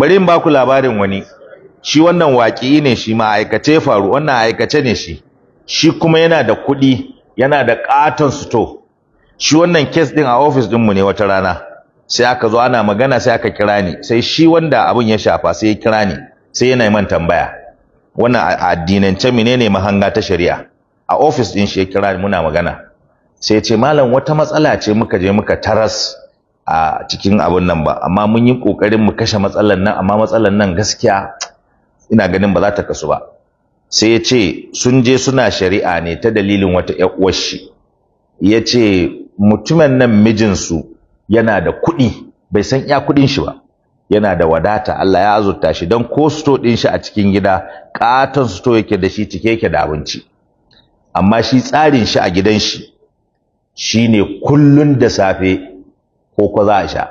bari in baku labarin wani shi wannan waƙi ne shi ma aikace faru wannan aikace ne shi shi kuma yana da kuɗi yana da ƙaton suto shi wannan kes ɗin a ofis ɗinmu ne wata rana sai aka zo ana magana sai aka kira ni sai shi wanda abin ya shafa sai ya kira ni sai yana man tambaya wannan a addinance menene mahanga ta shari'a a ofis ɗin shi ya kira ni muna magana sai ya ce malam wata matsala ce muka je muka taras a cikin abun nan ba amma mun yi kokarin mu kashe matsalan nan amma matsalan nan gaskiya ina ganin ba za ta kasu ba sai ya ce sun je suna shari'a ne ta dalilin wata ƴar uwar shi ya ce mutumin nan mijinsu yana da kuɗi bai san iya kuɗin shi ba yana da wadata Allah ya azurta shi don ko sto din shi a cikin gida ƙaton sto yake da shi cike yake da abinci amma shi tsarin shi a gidan shi shine kullun da safe koko za a sha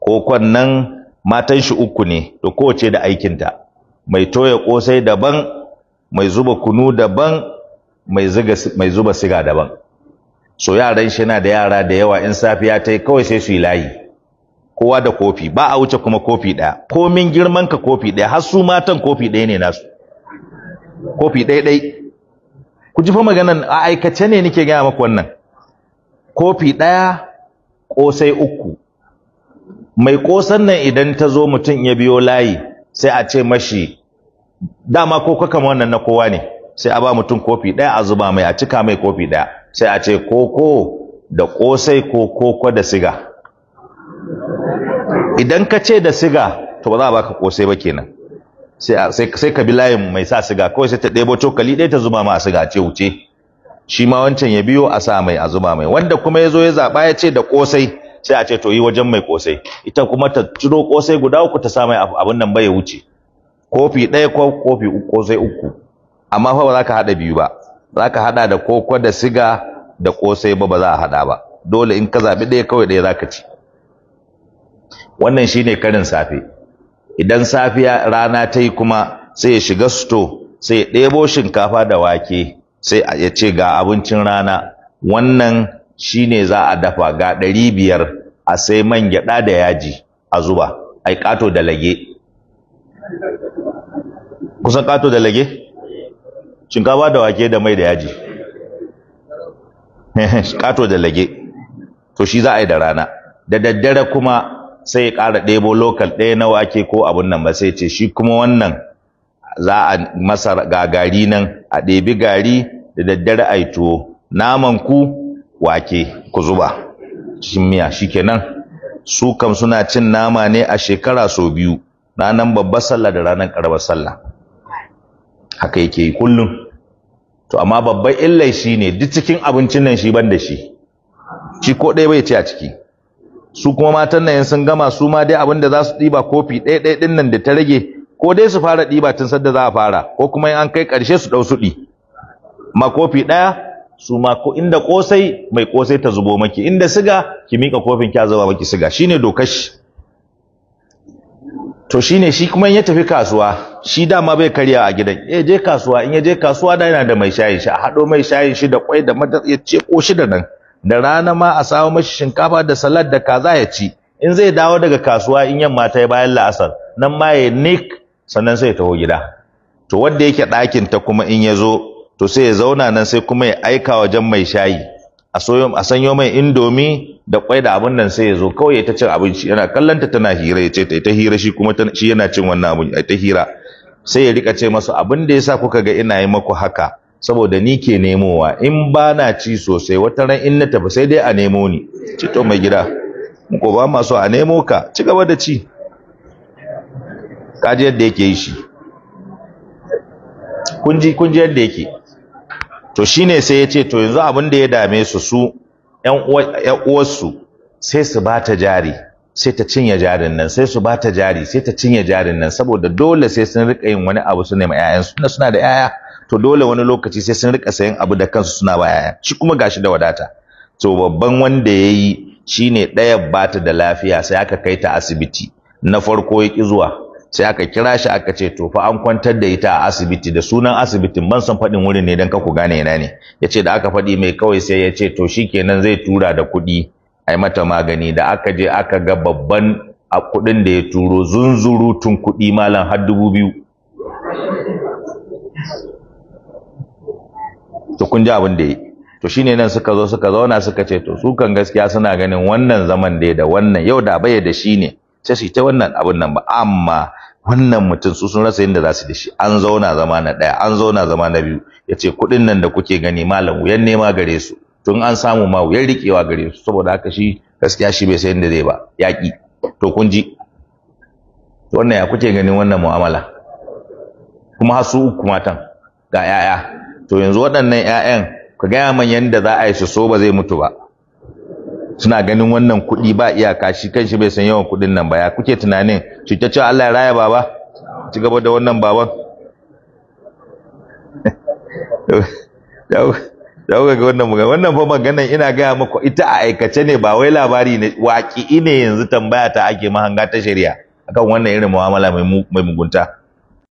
kokon nan matan shi uku ne da kowace da aikinta mai toya kosai daban mai zuba kunu daban mai zuba siga daban so yaran shi yana da yara da yawa in safiya ta yi kawai sai su yi layi kowa da kofi ba a wuce kuma kofi ɗaya komin girman ka kofi ɗaya har su matan kofi ɗaya ne nasu kofi ɗaya ɗai ku ji fa maganan a aikace ne nake gaya maku wannan kofi ɗaya ƙosai uku mai ƙosan nan idan ta zo mutum ya biyo layi sai a ce mashi dama ko kaka wannan na kowa ne sai a ba mutum kofi ɗaya a zuba mai a cika mai kofi ɗaya sai a ce koko da ƙosai ko koko da siga idan ka ce da siga to ba za a baka ƙosai ba kenan sai ka bi layin mai sa siga kawai sai ta ɗebo cokali ɗaya ta zuba ma a siga ce wuce shi ma wancan ya biyo a sa mai a zuba mai wanda kuma ya zo ya zaba ya ce da ƙosai sai a ce to yi wajen mai ƙosai ita kuma ta ciro ƙosai guda uku ta sa mai abin nan bai wuce kofi ɗaya ko kofi ƙosai uku amma fa ba za ka haɗa biyu ba za ka haɗa da koko da siga da ƙosai ba ba za a haɗa ba dole in ka zaɓi ɗaya kawai ɗaya za ka ci wannan shine karin safe idan safiya rana ta yi kuma sai ya shiga sto sai ya ɗebo shinkafa da wake sai ya ce ga abincin rana wannan shine za a dafa ga ɗari biyar a sai man gyaɗa da yaji a zuba ai ƙato da lage kusan ƙato da lage shinkafa da wake da mai da yaji ƙato da lage to shi za a yi da rana da daddare kuma sai ya ƙara ɗebo lokal ɗaya nawa ake ko abin nan ba sai ce shi kuma wannan za a masa gagari nan a ɗebi gari da daddare a tuwo naman ku wake ku zuba cikin miya shikenan su kam suna cin nama ne a shekara sau biyu ranar babbar sallah da ranar karbar sallah haka yake yi kullum to amma babban illai shi ne duk cikin abincin nan shi ban da shi shi ko ɗaya bai ci a ciki su kuma matan nan sun gama su ma dai abin da za su ɗiba kofi ɗaya ɗaya ɗin nan da ta rage ko dai su fara ɗiba tun sadda za a fara ko kuma in an kai ƙarshe su ɗau suɗi ma kofi ɗaya su mako. inda ƙosai mai ƙosai ta zubo maki inda siga ki miƙa kofin kya zuba maki siga shine dokar shi to shine shi kuma in ya tafi kasuwa shi dama bai karya a gidan ya je kasuwa in ya je kasuwa da yana da mai shayin shi a haɗo mai shayin shi da ƙwai da madar ya ce ko shi da nan da rana ma a samu mashi shinkafa da salad da kaza ya ci in zai dawo daga kasuwa in yamma ta yi bayan la'asar nan ma ya nik sannan sai ya taho gida to wanda yake ɗakin ta kuma in ya zo to sai ya zauna nan sai kuma ya aika wajen mai shayi a soyo a sanyo mai indomi da kwai da abin nan sai ya zo kawai ya ta cin abinci yana kallanta tana hira ya ce ta ta hira shi kuma shi yana cin wannan abin ta hira sai ya rika ce masa abin da yasa kuka ga ina yi maku haka saboda ni ke nemowa in ba na ci sosai wata ran in na tafi sai dai a nemo ni ci to mai gida ko ba ma so a nemo ka ci gaba da ci kaji yadda yake yi shi kunji kunji yadda yake to shine sai ya ce to yanzu abin da ya dame su su ƴan uwarsu sai su ba ta jari sai ta cinye jarin nan sai su ba ta jari sai ta cinye jarin nan saboda dole sai sun rika yin wani abu su nema ƴaƴansu su suna da ƴaƴa to dole wani lokaci sai sun rika sayan abu da kansu suna ba ƴaƴa shi kuma gashi da wadata to babban wanda yayi shine ɗaya ba ta da lafiya sai aka kai ta asibiti na farko ya ki zuwa sai aka kira shi aka ce to fa an kwantar da ita a asibiti da sunan asibitin ban san faɗin wurin ne don ka ku gane ina ne ya ce da aka faɗi mai kawai sai ya ce to shikenan zai tura da kuɗi a mata magani da aka je aka ga babban a kuɗin da ya turo zunzurutun kuɗi malam har dubu biyu to kun ji abin da yi to shine nan suka zo suka zauna suka ce to su kan gaskiya suna ganin wannan zaman da da wannan yau da baya da shi ne sai su ta wannan abin nan ba amma wannan mutum su sun rasa yadda za su da shi an zauna zama na ɗaya an zauna zama na biyu ya ce kuɗin nan da kuke gani malam wuyan nema gare su tun an samu ma wuyan riƙewa gare su saboda haka shi gaskiya shi bai san yadda zai ba yaƙi to kun ji wannan ya kuke ganin wannan mu'amala kuma har uku matan ga 'ya'ya to yanzu waɗannan 'ya'yan ka gaya man yadda za a yi su so ba zai mutu ba suna ganin wannan kuɗi ba iyaka shi shi bai san yawan kuɗin nan ba ya kuke tunanin cutaccen Allah ya raya baba ci gaba da wannan baban ya kuka ga wannan magana wannan fa maganan ina gaya muku ita a aikace ne ba wai labari ne waƙi ne yanzu tambaya ta ake mahanga ta shari'a akan wannan irin mu'amala mai mugunta